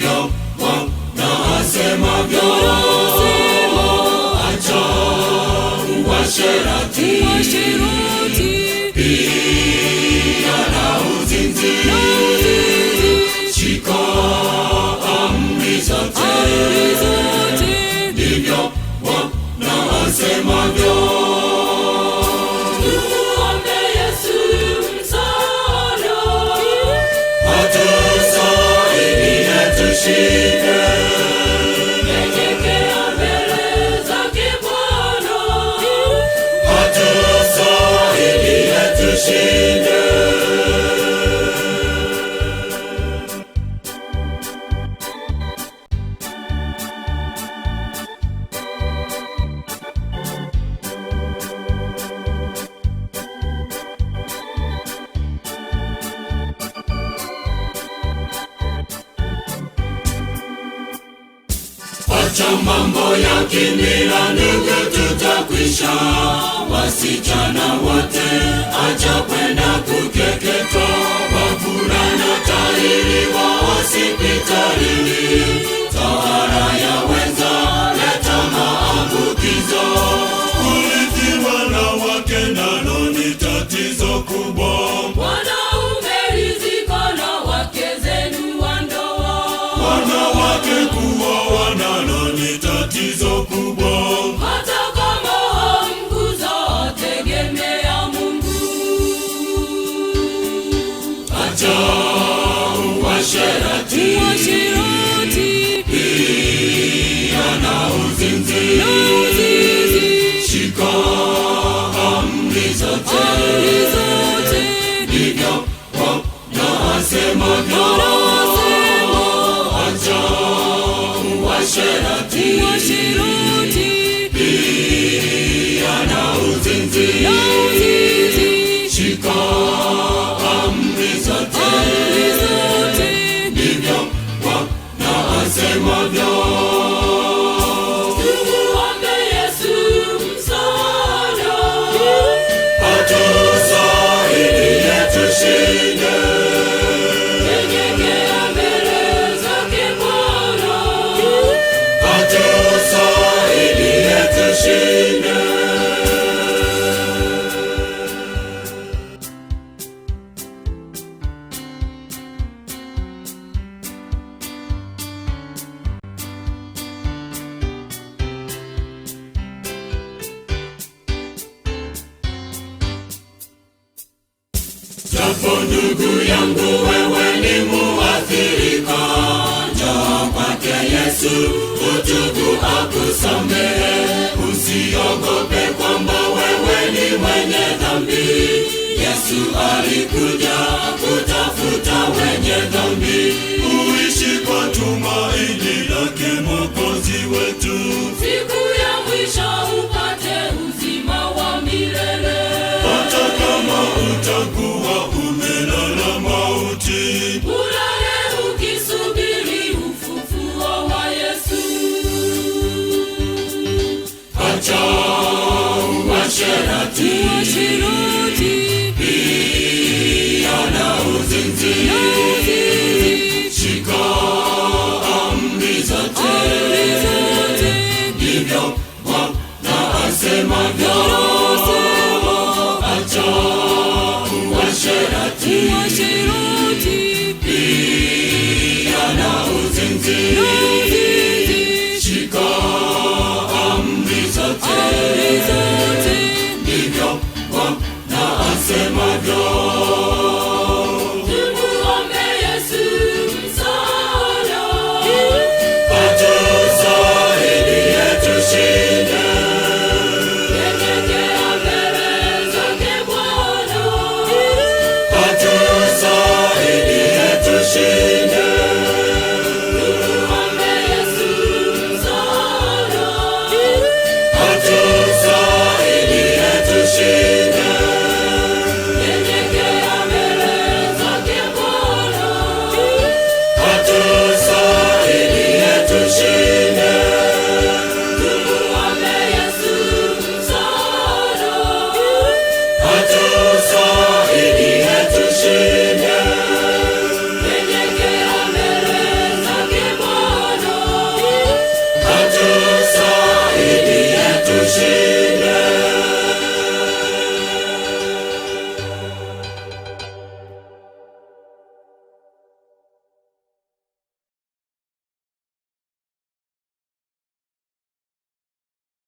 go. She. Acha mambo ya kimila, nenge tutakwisha. Wasichana wote acha kwenda kukeketwa, wavulana tahiriwa tatizo kubwa. Hata kama hamkuzotegemea Mungu, acha serce ma Japo ndugu yangu wewe ni muathirika, njoo kwake Yesu utubu akusamehe. Usiogope kwamba wewe ni mwenye dhambi, Yesu alikuja kutafuta wenye dhambi. Uishi kwa tumaini lake Mwokozi wetu siku ya mwisho see. No.